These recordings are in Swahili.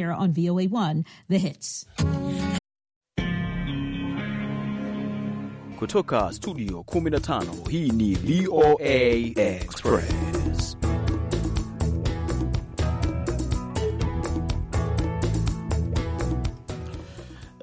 Here on VOA1, The Hits. Kutoka studio 15 hii ni VOA Express.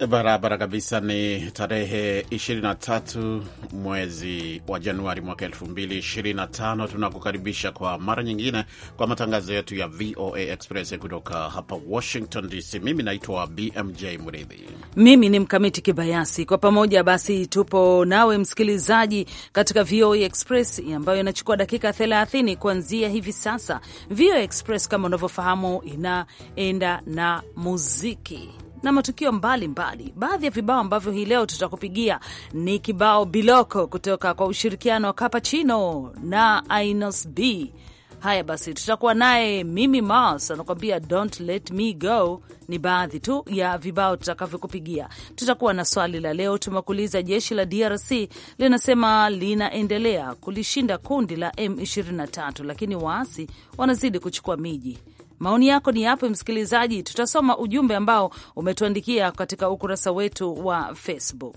Barabara kabisa ni tarehe 23 mwezi wa Januari mwaka 225 Tunakukaribisha kwa mara nyingine kwa matangazo yetu ya VOA Express kutoka hapa Washington DC. Mimi naitwa BMJ Mridhi, mimi ni Mkamiti Kibayasi. Kwa pamoja basi tupo nawe msikilizaji katika VOA Express ambayo inachukua dakika 30 kuanzia hivi sasa. VOA Express kama unavyofahamu inaenda na muziki na matukio mbalimbali. Baadhi ya vibao ambavyo hii leo tutakupigia ni kibao Biloko kutoka kwa ushirikiano wa Kapachino na Inos B. Haya basi, tutakuwa naye Mimi Mars anakuambia don't let me go. Ni baadhi tu ya vibao tutakavyokupigia. Tutakuwa na swali la leo, tumekuuliza jeshi la DRC linasema linaendelea kulishinda kundi la M23, lakini waasi wanazidi kuchukua miji. Maoni yako ni yapo msikilizaji? Tutasoma ujumbe ambao umetuandikia katika ukurasa wetu wa Facebook.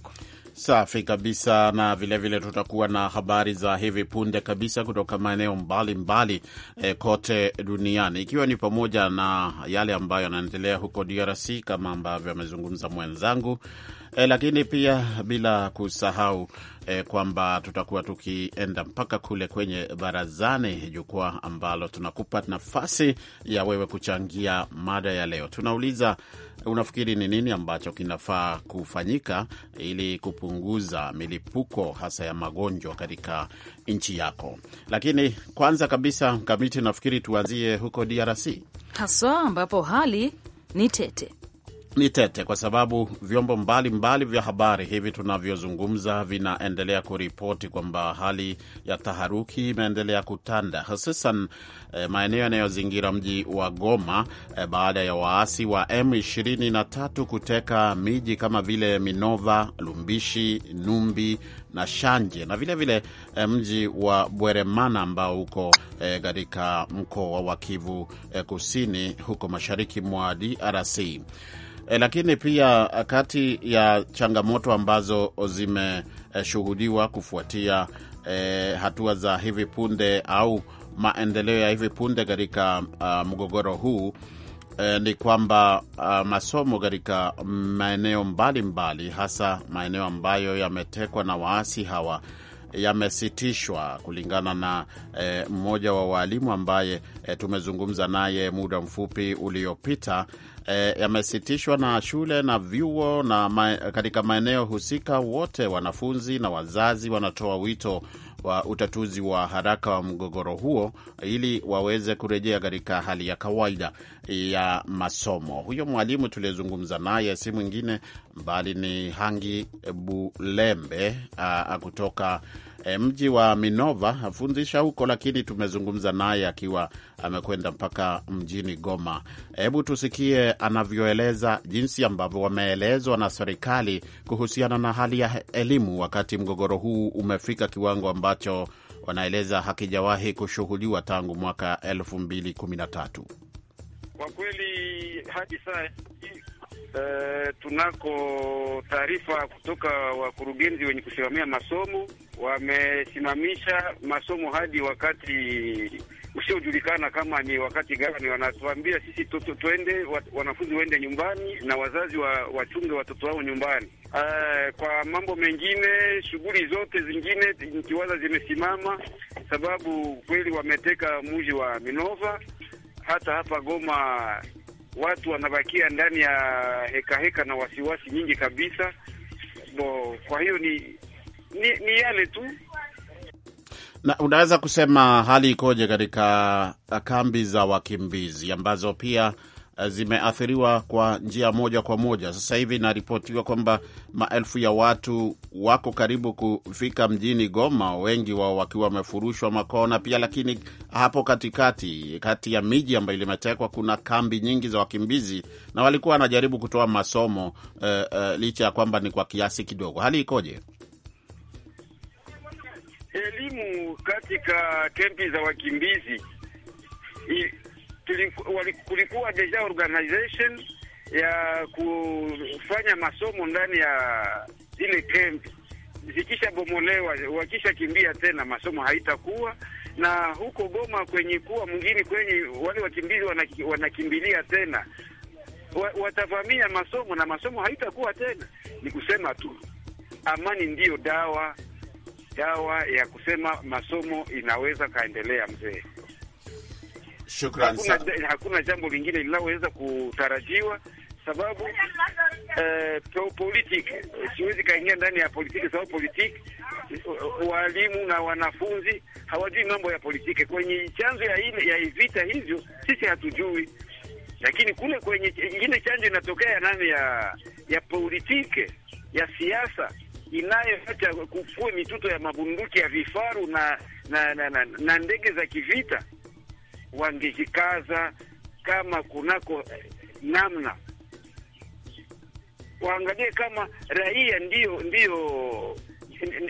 Safi kabisa, na vilevile vile tutakuwa na habari za hivi punde kabisa kutoka maeneo mbalimbali e, kote duniani ikiwa ni pamoja na yale ambayo yanaendelea huko DRC kama ambavyo amezungumza mwenzangu e, lakini pia bila kusahau e, kwamba tutakuwa tukienda mpaka kule kwenye barazani, jukwaa ambalo tunakupa nafasi ya wewe kuchangia mada ya leo. Tunauliza, unafikiri ni nini ambacho kinafaa kufanyika ili kupunguza milipuko hasa ya magonjwa katika nchi yako? Lakini kwanza kabisa, Mkamiti, nafikiri tuanzie huko DRC haswa ambapo hali ni tete ni tete kwa sababu vyombo mbalimbali mbali vya habari hivi tunavyozungumza vinaendelea kuripoti kwamba hali ya taharuki imeendelea kutanda hususan eh, maeneo yanayozingira mji wa Goma eh, baada ya waasi wa M23 kuteka miji kama vile Minova, Lumbishi, Numbi na Shanje na vilevile vile, eh, mji wa Bweremana ambao uko eh, katika eh, mkoa wa Kivu eh, Kusini, huko mashariki mwa DRC. E, lakini pia eh, kati ya changamoto ambazo zimeshuhudiwa eh, kufuatia e, hatua za hivi punde au maendeleo ya hivi punde katika uh, mgogoro huu e, ni kwamba uh, masomo katika maeneo mbalimbali hasa maeneo ambayo yametekwa na waasi hawa yamesitishwa kulingana na e, mmoja wa waalimu ambaye e, tumezungumza naye muda mfupi uliopita. E, yamesitishwa na shule na vyuo na ma, katika maeneo husika. Wote wanafunzi na wazazi wanatoa wito wa utatuzi wa haraka wa mgogoro huo ili waweze kurejea katika hali ya kawaida ya masomo. Huyo mwalimu tuliyezungumza naye si mwingine mbali ni Hangi Bulembe a, a kutoka Eh, mji wa Minova afundisha huko, lakini tumezungumza naye akiwa amekwenda mpaka mjini Goma. Hebu tusikie anavyoeleza jinsi ambavyo wameelezwa na serikali kuhusiana na hali ya elimu, wakati mgogoro huu umefika kiwango ambacho wanaeleza hakijawahi kushuhudiwa tangu mwaka elfu mbili kumi na tatu. Kwa kweli hadi saa Uh, tunako taarifa kutoka wakurugenzi wenye kusimamia masomo, wamesimamisha masomo hadi wakati usiojulikana kama ni wakati gani. Wanatuambia sisi toto twende, wanafunzi waende nyumbani na wazazi wa, wachunge watoto wao nyumbani. Uh, kwa mambo mengine, shughuli zote zingine nikiwaza zimesimama, sababu kweli wameteka mji wa Minova hata hapa Goma watu wanabakia ndani ya heka heka na wasiwasi nyingi kabisa bo. Kwa hiyo ni, ni, ni yale tu. Na unaweza kusema hali ikoje katika kambi za wakimbizi ambazo pia zimeathiriwa kwa njia moja kwa moja. Sasa hivi inaripotiwa kwamba maelfu ya watu wako karibu kufika mjini Goma, wengi wao wakiwa wamefurushwa makona pia. Lakini hapo katikati kati ya miji ambayo limetekwa, kuna kambi nyingi za wakimbizi na walikuwa wanajaribu kutoa masomo uh, uh, licha ya kwamba ni kwa kiasi kidogo. Hali ikoje? Elimu katika kempi za wakimbizi I kulikuwa deja organization ya kufanya masomo ndani ya ile bomolewa wakisha wakishakimbia tena masomo haitakuwa na huko Goma kwenye kuwa mwingine kwenye wale wakimbizi wanakimbilia tena watavamia masomo na masomo haitakuwa tena. Ni kusema tu amani ndiyo dawa, dawa ya kusema masomo inaweza kaendelea mzee. Shukrani sana. Hakuna jambo lingine linaloweza kutarajiwa sababu uh, eh, politiki siwezi kaingia ndani ya politiki, sababu politiki, walimu na wanafunzi hawajui mambo ya politiki. Kwenye chanzo ya ile ya vita hivyo sisi hatujui, lakini kule kwenye ile chanzo inatokea nani ya ya politiki ya siasa inayoacha kufue mituto ya mabunduki ya vifaru na na, na, na, na ndege za kivita wangejikaza kama kunako eh, namna waangalie kama raia ndio ndio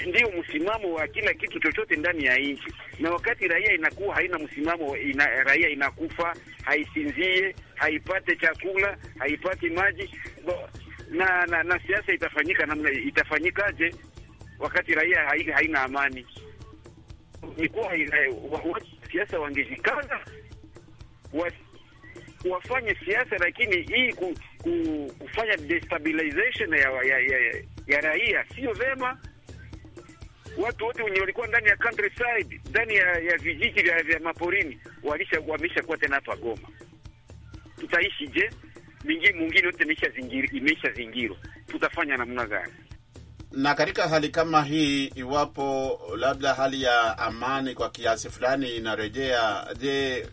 ndio msimamo wa kila kitu chochote ndani ya nchi, na wakati raia inakuwa haina msimamo ina, raia inakufa, haisinzie, haipate chakula, haipati maji na, na, na siasa itafanyika namna itafanyikaje wakati raia haina amani? Ni kuwa wanasiasa wangejikaza wa, wafanye siasa, lakini hii ku, ku, kufanya destabilization ya, ya, ya, ya raia sio vema. Watu wote wenye walikuwa ndani ya countryside ndani ya, ya vijiji vya, vya maporini walisha kuwa tena hapa Goma, tutaishi je? Mingi mungine yote imeshazingirwa, tutafanya namna gani? Na katika hali kama hii, iwapo labda hali ya amani kwa kiasi fulani inarejea, je,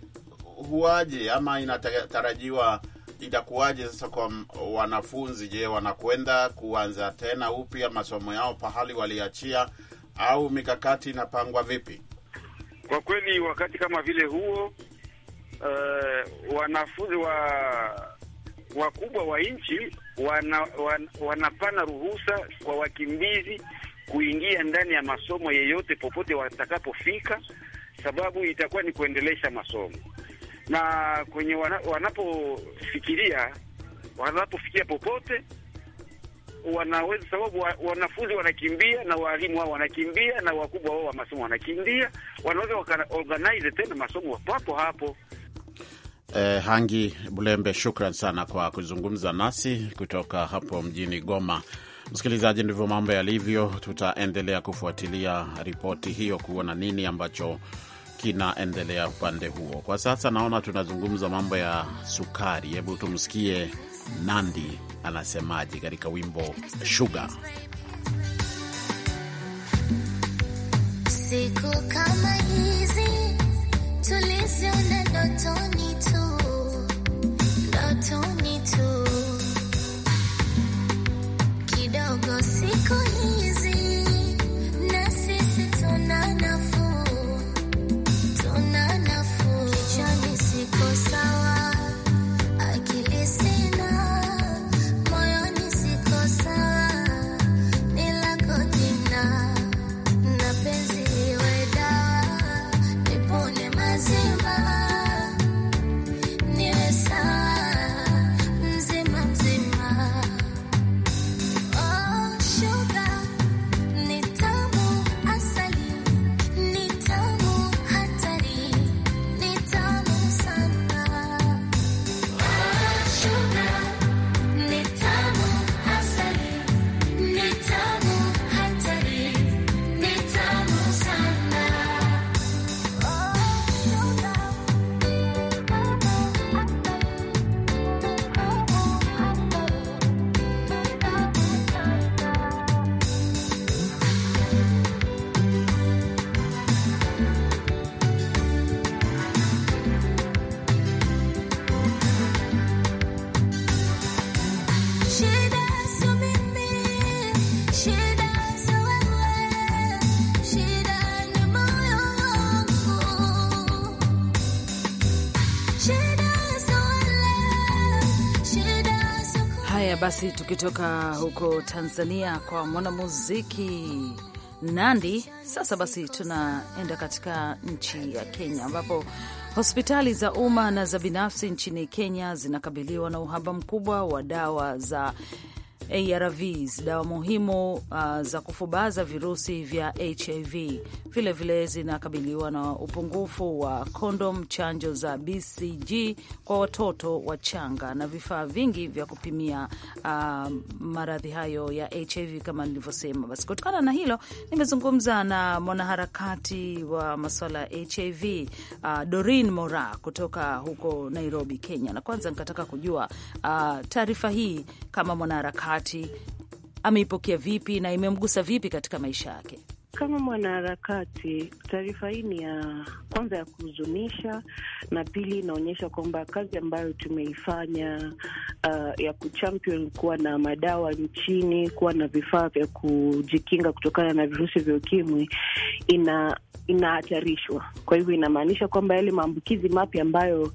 huwaje ama inatarajiwa itakuwaje sasa kwa wanafunzi? Je, wanakwenda kuanza tena upya masomo yao pahali waliachia, au mikakati inapangwa vipi? Kwa kweli wakati kama vile huo, uh, wanafunzi wa wakubwa wa nchi wana, wana, wanapana ruhusa kwa wakimbizi kuingia ndani ya masomo yeyote popote watakapofika, sababu itakuwa ni kuendelesha masomo na kwenye wana, wanapofikiria wanapofikia popote wanaweza sababu wa, wanafunzi wanakimbia na waalimu wao wanakimbia na wakubwa wao wa masomo wanakimbia, wanaweza wakaorganize tena masomo papo hapo Eh, Hangi Bulembe, shukran sana kwa kuzungumza nasi kutoka hapo mjini Goma. Msikilizaji, ndivyo mambo yalivyo. Tutaendelea kufuatilia ripoti hiyo kuona nini ambacho kinaendelea upande huo. Kwa sasa naona tunazungumza mambo ya sukari. Hebu tumsikie Nandi anasemaje katika wimbo Sugar. Siku kama hizi kidogo siku hizi Basi tukitoka huko Tanzania kwa mwanamuziki Nandi, sasa basi tunaenda katika nchi ya Kenya ambapo hospitali za umma na za binafsi nchini Kenya zinakabiliwa na uhaba mkubwa wa dawa za ARVs, dawa muhimu uh, za kufubaza virusi vya HIV. Vilevile zinakabiliwa na upungufu wa kondom, chanjo za BCG kwa watoto wachanga na vifaa vingi vya kupimia uh, maradhi hayo ya HIV kama nilivyosema. Basi kutokana na hilo, nimezungumza na mwanaharakati wa masuala ya HIV uh, Doreen Mora kutoka huko Nairobi, Kenya, na kwanza nikataka kujua uh, taarifa hii kama mwanaharakati harakati ameipokea vipi na imemgusa vipi katika maisha yake? Kama mwanaharakati, taarifa hii ni ya kwanza ya kuhuzunisha, na pili inaonyesha kwamba kazi ambayo tumeifanya uh, ya kuchampion kuwa na madawa nchini, kuwa na vifaa vya kujikinga kutokana na virusi vya ukimwi ina inahatarishwa. Kwa hivyo inamaanisha kwamba yale maambukizi mapya ambayo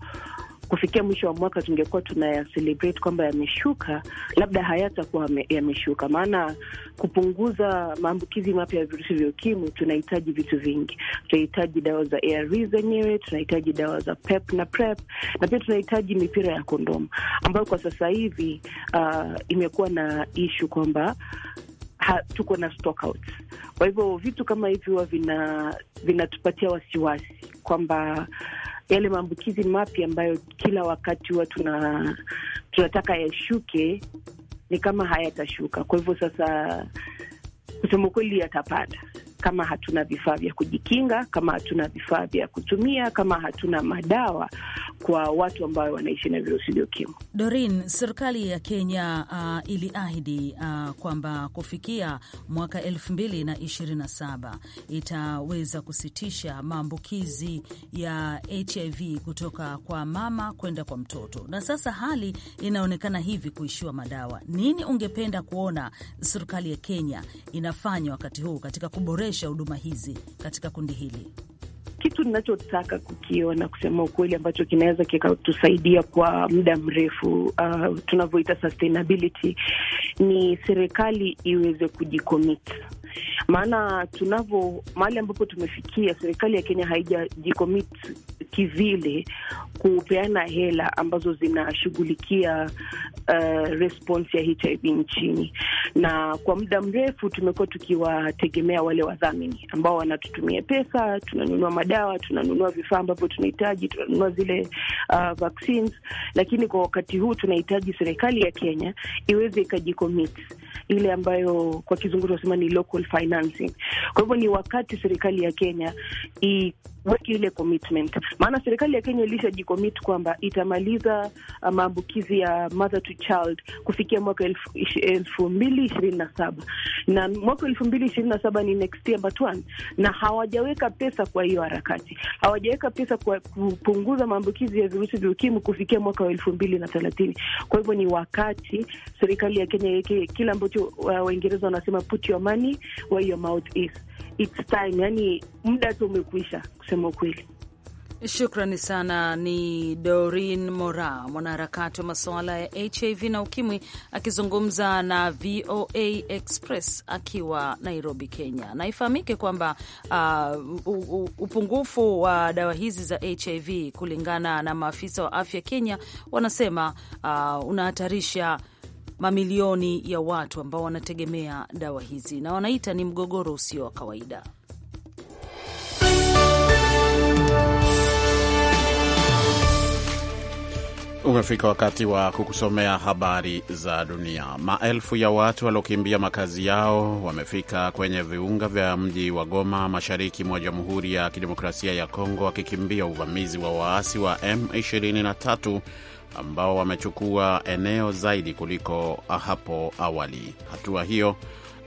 kufikia mwisho wa mwaka tungekuwa tunaya celebrate kwamba yameshuka, labda hayatakuwa yameshuka, maana kupunguza maambukizi mapya ya virusi vya ukimwi tunahitaji vitu vingi. Tunahitaji dawa za ARV zenyewe, tunahitaji dawa za PEP e na PrEP, e na pia tunahitaji mipira ya kondomu ambayo kwa sasa hivi uh, imekuwa na ishu kwamba Ha, tuko na stockout. Kwa hivyo vitu kama hivi huwa vinatupatia vina wasiwasi kwamba yale maambukizi mapya ambayo kila wakati huwa tuna tunataka yashuke, ni kama hayatashuka. Kwa hivyo sasa, kusema kweli, yatapanda kama hatuna vifaa vya kujikinga, kama hatuna vifaa vya kutumia, kama hatuna madawa kwa watu ambao wanaishi na virusi vya ukimwi. Dorin, serikali ya Kenya uh, iliahidi uh, kwamba kufikia mwaka elfu mbili na ishirini na saba itaweza kusitisha maambukizi ya HIV kutoka kwa mama kwenda kwa mtoto, na sasa hali inaonekana hivi kuishiwa madawa. Nini ungependa kuona serikali ya Kenya inafanya wakati huu katika kuboresha huduma hizi katika kundi hili? kitu ninachotaka kukiona kusema ukweli, ambacho kinaweza kikatusaidia kwa muda mrefu uh, tunavyoita sustainability ni serikali iweze kujikomit maana tunavyo mahali ambapo tumefikia, serikali ya Kenya haijajikomit kivile kupeana hela ambazo zinashughulikia uh, response ya HIV nchini, na kwa muda mrefu tumekuwa tukiwategemea wale wadhamini ambao wanatutumia pesa, tunanunua madawa, tunanunua vifaa ambavyo tunahitaji, tunanunua zile uh, vaccines, lakini kwa wakati huu tunahitaji serikali ya Kenya iweze ikajikomit ile ambayo kwa kizungu tunasema ni local financing. Kwa hivyo ni wakati serikali ya Kenya i weke ile commitment, maana serikali ya Kenya ilishajikomit kwamba itamaliza uh, maambukizi ya mother to child kufikia mwaka elfu, elfu mbili ishirini na saba na mwaka elfu mbili ishirini na saba ni next year but one, na hawajaweka pesa kwa hiyo harakati, hawajaweka pesa kwa kupunguza maambukizi ya virusi vya ukimwi kufikia mwaka wa elfu mbili na thelathini. Kwa hivyo ni wakati serikali ya Kenya iweke kile ambacho uh, Waingereza wanasema put your money where your mouth is it's time, yani muda tu umekwisha kusema ukweli. Shukrani sana. Ni Dorin Mora, mwanaharakati wa masuala ya HIV na UKIMWI, akizungumza na VOA Express akiwa Nairobi, Kenya. Na ifahamike kwamba uh, upungufu wa dawa hizi za HIV kulingana na maafisa wa afya Kenya wanasema uh, unahatarisha mamilioni ya watu ambao wanategemea dawa hizi, na wanaita ni mgogoro usio wa kawaida. Umefika wakati wa kukusomea habari za dunia. Maelfu ya watu waliokimbia makazi yao wamefika kwenye viunga vya mji wa Goma, mashariki mwa Jamhuri ya Kidemokrasia ya Kongo, wakikimbia uvamizi wa waasi wa M23 ambao wamechukua eneo zaidi kuliko hapo awali. Hatua hiyo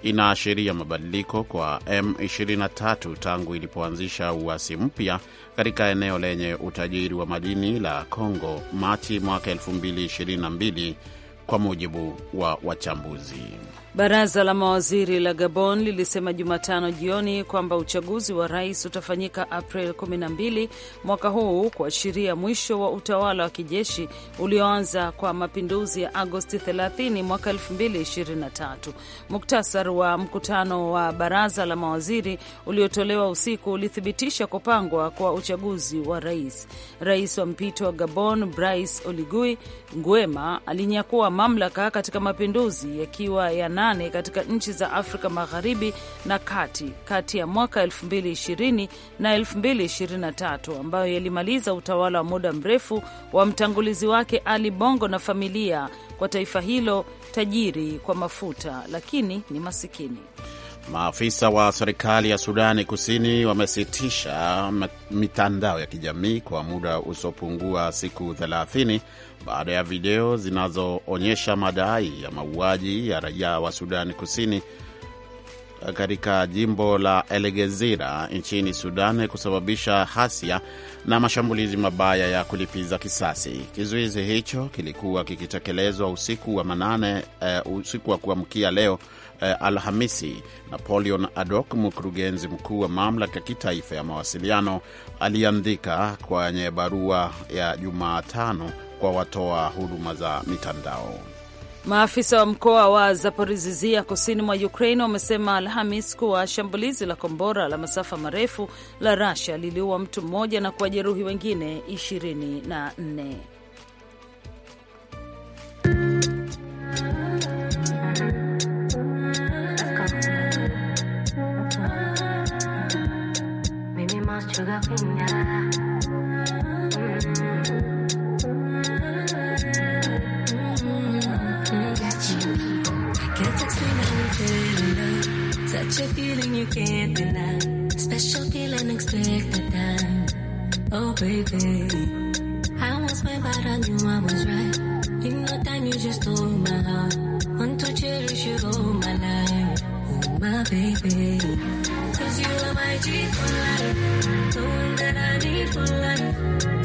inaashiria mabadiliko kwa M23 tangu ilipoanzisha uasi mpya katika eneo lenye utajiri wa madini la congo Machi mwaka 2022 kwa mujibu wa wachambuzi. Baraza la mawaziri la Gabon lilisema Jumatano jioni kwamba uchaguzi wa rais utafanyika April 12 mwaka huu, kuashiria mwisho wa utawala wa kijeshi ulioanza kwa mapinduzi ya Agosti 30 mwaka 2023. Muktasar wa mkutano wa baraza la mawaziri uliotolewa usiku ulithibitisha kupangwa kwa uchaguzi wa rais. Rais wa mpito wa Gabon Brice Oligui Nguema alinyakua mamlaka katika mapinduzi yakiwa yana nane katika nchi za Afrika Magharibi na Kati kati ya mwaka 2020 na 2023 ambayo yalimaliza utawala wa muda mrefu wa mtangulizi wake Ali Bongo na familia kwa taifa hilo tajiri kwa mafuta lakini ni masikini. Maafisa wa serikali ya Sudani Kusini wamesitisha mitandao ya kijamii kwa muda usiopungua siku 30 baada ya video zinazoonyesha madai ya mauaji ya raia wa Sudani Kusini katika jimbo la Elegezira nchini Sudan kusababisha hasia na mashambulizi mabaya ya kulipiza kisasi. Kizuizi hicho kilikuwa kikitekelezwa usiku wa manane, uh, usiku wa kuamkia leo eh, Alhamisi. Napoleon Adok, mkurugenzi mkuu wa mamlaka ya kitaifa ya mawasiliano, aliandika kwenye barua ya Jumatano kwa watoa huduma za mitandao. Maafisa wa mkoa wa zaporizizia kusini mwa Ukraine wamesema Alhamis kuwa shambulizi la kombora la masafa marefu la Russia liliua mtu mmoja na kuwajeruhi wengine 24. Such a feeling you can't deny. Special feeling, expected time. Oh, baby. I was went, but I knew I was right. In no time, you just stole my heart. Want to cherish you all my life. Oh, my baby. Cause you are my G for life for life.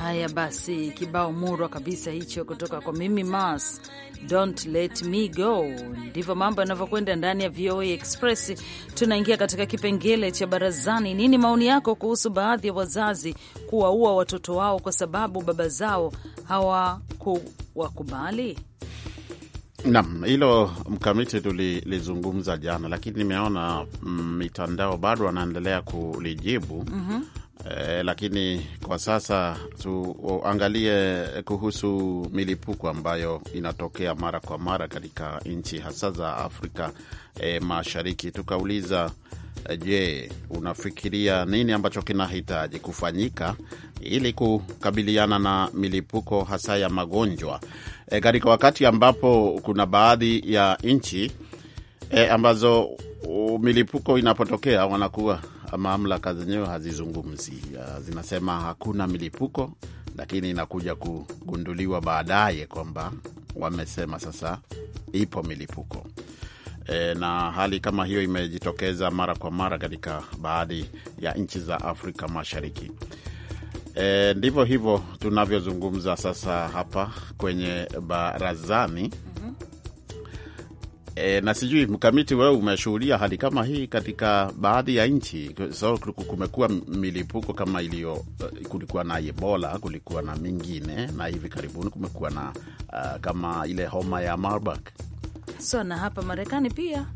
Haya basi, kibao murwa kabisa hicho kutoka kwa Mimi Mars, Don't Let Me Go. Ndivyo mambo yanavyokwenda ndani ya VOA Express. Tunaingia katika kipengele cha barazani. Nini maoni yako kuhusu baadhi ya wazazi kuwaua watoto wao kwa sababu baba zao hawakuwakubali? nam hilo mkamiti tulilizungumza jana, lakini nimeona mm, mitandao bado wanaendelea kulijibu mm -hmm. Eh, lakini kwa sasa tuangalie kuhusu milipuko ambayo inatokea mara kwa mara katika nchi hasa za Afrika eh, Mashariki. Tukauliza eh, je, unafikiria nini ambacho kinahitaji kufanyika ili kukabiliana na milipuko hasa ya magonjwa eh, katika wakati ambapo kuna baadhi ya nchi eh, ambazo uh, milipuko inapotokea wanakuwa mamlaka zenyewe hazizungumzi, zinasema hakuna milipuko, lakini inakuja kugunduliwa baadaye kwamba wamesema sasa ipo milipuko. E, na hali kama hiyo imejitokeza mara kwa mara katika baadhi ya nchi za Afrika Mashariki. E, ndivyo hivyo tunavyozungumza sasa hapa kwenye barazani E, na sijui mkamiti, wewe umeshuhudia hali kama hii katika baadhi ya nchi. So, kumekuwa milipuko kama iliyo, eh, kulikuwa na Ebola, kulikuwa na mingine, na hivi karibuni kumekuwa na uh, kama ile homa ya Marburg. So na hapa Marekani pia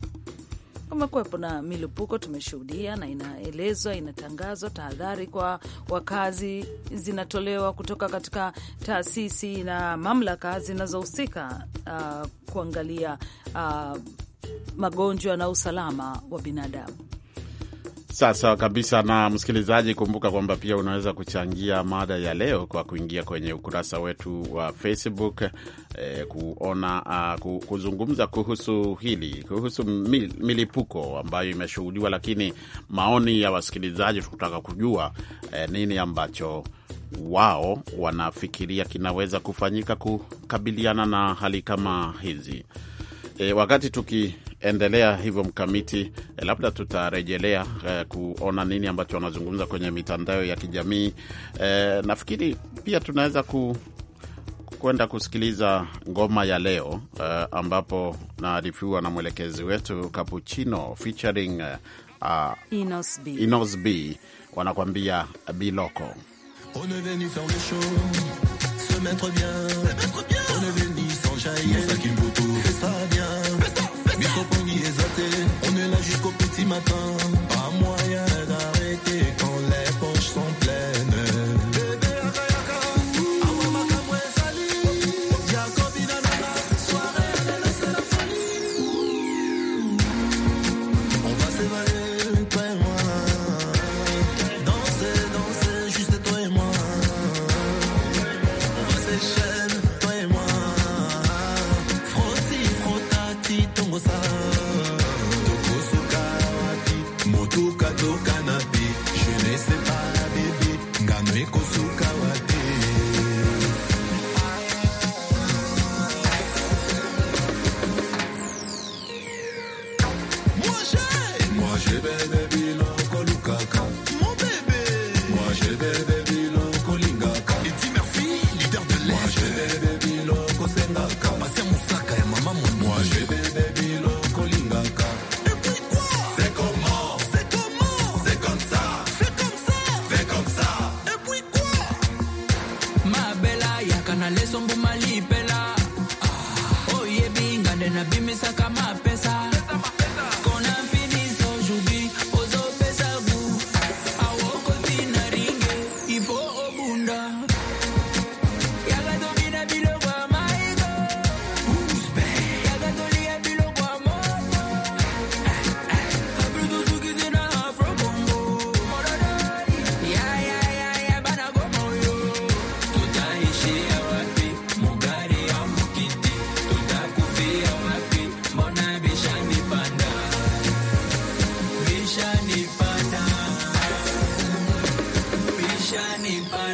kumekuwepo na milipuko tumeshuhudia, na inaelezwa inatangazwa, tahadhari kwa wakazi zinatolewa kutoka katika taasisi na mamlaka zinazohusika uh, kuangalia uh, magonjwa na usalama wa binadamu. Sasa kabisa. Na msikilizaji, kumbuka kwamba pia unaweza kuchangia mada ya leo kwa kuingia kwenye ukurasa wetu wa Facebook eh, kuona uh, kuzungumza kuhusu hili, kuhusu mil, milipuko ambayo imeshuhudiwa, lakini maoni ya wasikilizaji tukutaka kujua eh, nini ambacho wao wanafikiria kinaweza kufanyika kukabiliana na hali kama hizi. E, wakati tuki endelea hivyo Mkamiti, eh, labda tutarejelea eh, kuona nini ambacho wanazungumza kwenye mitandao ya kijamii eh, nafikiri pia tunaweza ku kwenda kusikiliza ngoma ya leo uh, ambapo naarifiwa na mwelekezi wetu Capuchino featuring uh, Inos B. Inos B wanakwambia Biloko. On est venu faire le show, se mettre bien, se mettre bien. On est venu sans jaillir.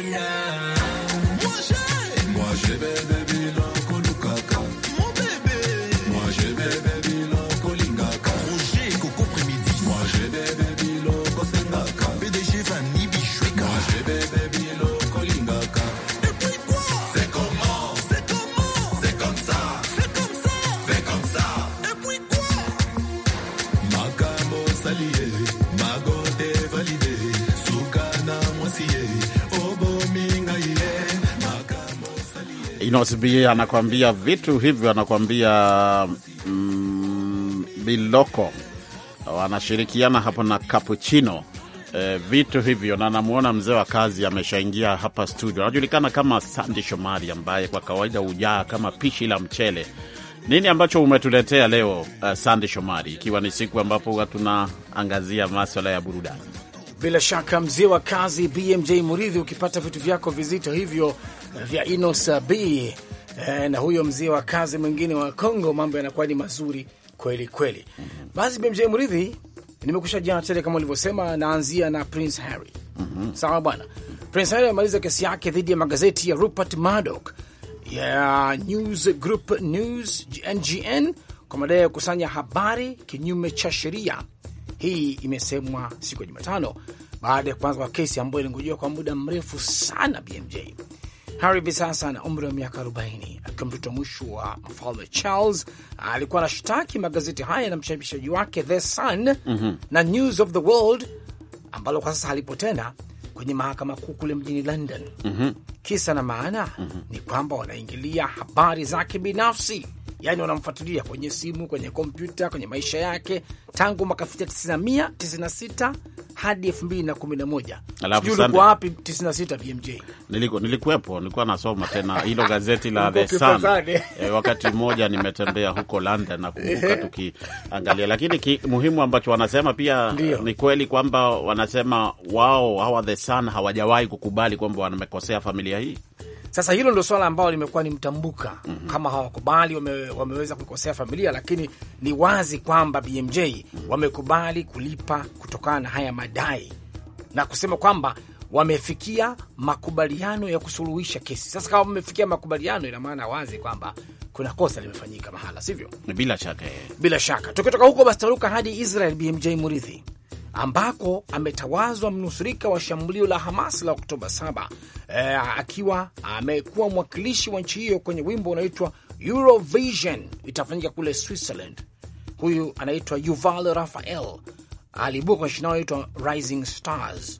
na Cosb anakwambia vitu hivyo, anakwambia mm, Biloko wanashirikiana hapo na Kapuchino. E, eh, vitu hivyo na namwona mzee wa kazi ameshaingia hapa studio, anajulikana kama Sandi Shomari ambaye kwa kawaida hujaa kama pishi la mchele. Nini ambacho umetuletea leo uh, eh, Sandi Shomari, ikiwa ni siku ambapo tunaangazia maswala ya burudani? Bila shaka mzee wa kazi BMJ Muridhi, ukipata vitu vyako vizito hivyo vya Inos B eh, na huyo mzee wa kazi mwingine wa Kongo, mambo yanakuwa ni mazuri kweli kweli. Mhm. Basi BMJ Mridhi, nimekusha jana tele kama ulivyosema, naanzia na Prince Harry. Mhm. Sawa bwana. Prince Harry amemaliza kesi yake dhidi ya magazeti ya Rupert Murdoch ya News Group News NGN kwa madai ya kukusanya habari kinyume cha sheria. Hii imesemwa siku ya Jumatano baada ya kuanza kwa kesi ambayo ilingojiwa kwa muda mrefu sana, BMJ Harry sasa ana umri wa miaka 40. Akiwa mtoto mwisho wa mfalme Charles, alikuwa anashtaki magazeti haya na mchapishaji wake The Sun mm -hmm. na News of the World ambalo kwa sasa halipo tena kwenye mahakama kuu kule mjini London. mm -hmm. Kisa na maana mm -hmm. ni kwamba wanaingilia habari zake binafsi yani wanamfuatilia kwenye simu, kwenye kompyuta, kwenye maisha yake tangu mwaka 1996 hadi 2011. Wapi 96 BMJ? Niliku, nilikuwepo, nilikuwa nasoma tena hilo gazeti la The Sun e, wakati mmoja nimetembea huko London nakumbuka tukiangalia, lakini ki, muhimu ambacho wanasema pia Ndiyo. ni kweli kwamba wanasema wao hawa The Sun hawajawahi kukubali kwamba wamekosea familia hii sasa hilo ndio swala ambalo limekuwa ni mtambuka mm -hmm. Kama hawakubali wame, wameweza kukosea familia, lakini ni wazi kwamba BMJ mm -hmm. wamekubali kulipa kutokana na haya madai na kusema kwamba wamefikia makubaliano ya kusuluhisha kesi. Sasa kama wamefikia makubaliano, ina maana wazi kwamba kuna kosa limefanyika mahala, sivyo? Bila shaka, eh. bila shaka. Tukitoka huko basi, taruka hadi Israel. BMJ mridhi ambako ametawazwa mnusurika wa shambulio la Hamas la Oktoba 7 e, akiwa amekuwa mwakilishi wa nchi hiyo kwenye wimbo unaoitwa Eurovision itafanyika kule Switzerland. Huyu anaitwa Yuval Rafael aliibuka kwenye shindano inaitwa Rising Stars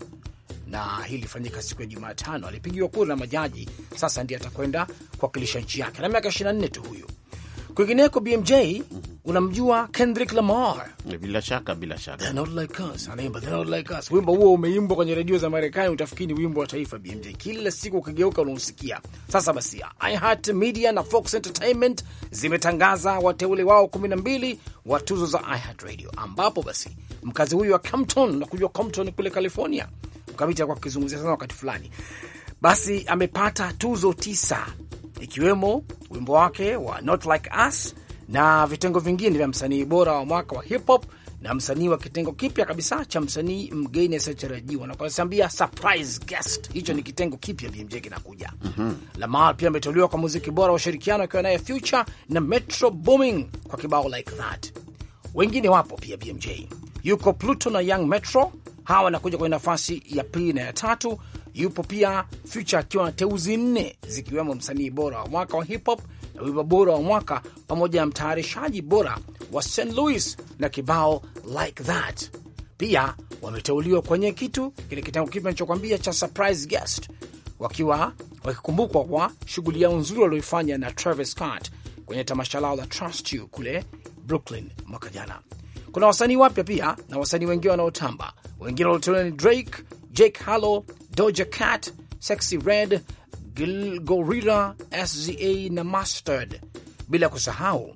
na hii ilifanyika siku ya Jumatano. Alipigiwa kura na majaji, sasa ndiye atakwenda kuwakilisha nchi yake na miaka 24 tu huyu. Kwingineko, BMJ Unamjua Kendrick Lamar? Eh, bila shaka, bila shaka. Not like us, anaimba not like us. Wimbo huo umeimbwa kwenye redio za Marekani, utafikiri wimbo wa taifa BMJ. Kila siku ukigeuka unausikia. Sasa basi, iHeart Media na Fox Entertainment zimetangaza wateule wao 12 wa tuzo za iHeart Radio, ambapo basi mkazi huyu wa Compton, kujua Compton kule California, mkamiti kwa kizungumzia sana wakati fulani, basi amepata tuzo tisa ikiwemo wimbo wake wa Not Like Us na vitengo vingine vya msanii bora wa mwaka wa hip hop na msanii wa kitengo kipya kabisa cha msanii mgeni asiyotarajiwa, na kuambia surprise guest. Hicho ni kitengo kipya BMJ kinakuja. mm -hmm. Lamar pia ameteuliwa kwa muziki bora wa ushirikiano akiwa naye Future na Metro Booming kwa kibao like that. Wengine wapo pia BMJ, yuko Pluto na Young Metro, hawa wanakuja kwenye nafasi ya pili na ya tatu. Yupo pia Future akiwa na teuzi nne zikiwemo msanii bora wa mwaka wa hip hop na wimbo bora wa mwaka pamoja na mtayarishaji bora wa St Louis na kibao like that. Pia wameteuliwa kwenye kitu kile kitengo kipi nichokwambia cha surprise guest, wakiwa wakikumbukwa kwa shughuli yao nzuri walioifanya na Travis Scott kwenye tamasha lao la Trust You kule Brooklyn mwaka jana. Kuna wasanii wapya pia na wasanii wengine wanaotamba. Wengine walioteuliwa ni Drake, Jake Harlow, Doja Cat, Sexy Red Gorilla, SZA na Mustard, bila kusahau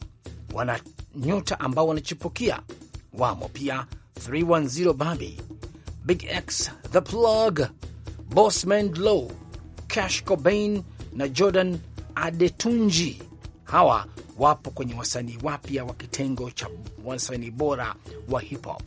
wana nyota ambao wanachipukia wamo pia 310 Babi, Big X, The Plug, Bossman Low, Cash Cobain na Jordan Adetunji. Hawa wapo kwenye wasanii wapya wa kitengo cha wasanii bora wa hip hop.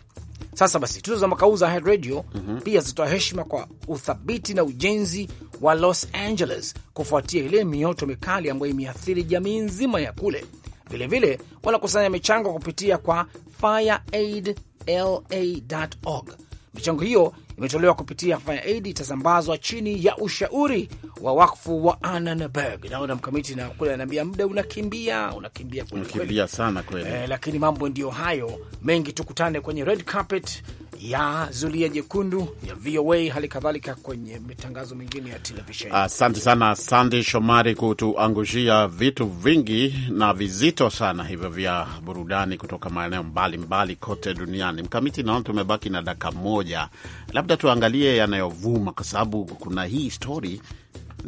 Sasa basi, tuzo za mwaka huu za Radio mm -hmm. pia zitoa heshima kwa uthabiti na ujenzi wa Los Angeles kufuatia ile mioto mikali ambayo imeathiri jamii nzima ya kule. Vilevile wanakusanya michango kupitia kwa fireaidla.org. Michango hiyo imetolewa kupitia fanya aidi itasambazwa chini ya ushauri wa wakfu wa Annenberg. Naona mkamiti na kule anaambia muda unakimbia, unakimbia kweli kweli, sana kweli. Eh, lakini mambo ndiyo hayo mengi, tukutane kwenye red carpet ya Zulia Jekundu ya VOA, hali kadhalika kwenye matangazo mengine ya televisheni. Asante uh, sana sandi Shomari kutuangushia vitu vingi na vizito sana hivyo vya burudani kutoka maeneo mbalimbali kote duniani. Mkamiti, naona tumebaki na dakika moja, labda tuangalie yanayovuma, kwa sababu kuna hii stori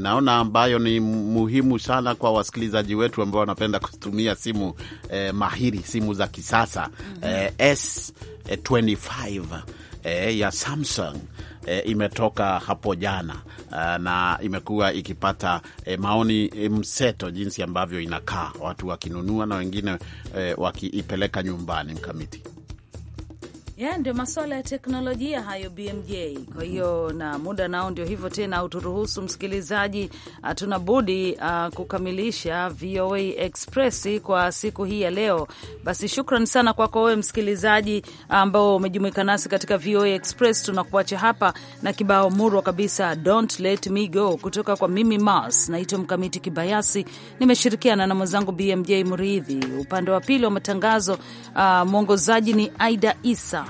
naona ambayo ni muhimu sana kwa wasikilizaji wetu ambao wanapenda kutumia simu eh, mahiri, simu za kisasa mm -hmm. eh, S25 eh, ya Samsung E, imetoka hapo jana eh, na imekuwa ikipata e, maoni e, mseto jinsi ambavyo inakaa, watu wakinunua na wengine e, wakiipeleka nyumbani mkamiti Yeah, ndio masuala ya teknolojia hayo BMJ. Kwa hiyo na muda nao ndio hivyo tena, auturuhusu msikilizaji, hatuna ah, budi uh, kukamilisha VOA Express kwa siku hii ya leo. Basi shukran sana kwako wewe msikilizaji ambao umejumuika nasi katika VOA Express. Tunakuacha hapa na kibao murwa kabisa, Don't Let Me Go kutoka kwa Mimi Mars. Naitwa Mkamiti Kibayasi, nimeshirikiana na mwenzangu BMJ Mridhi, upande wa pili wa matangazo. Uh, mwongozaji ni Aida Isa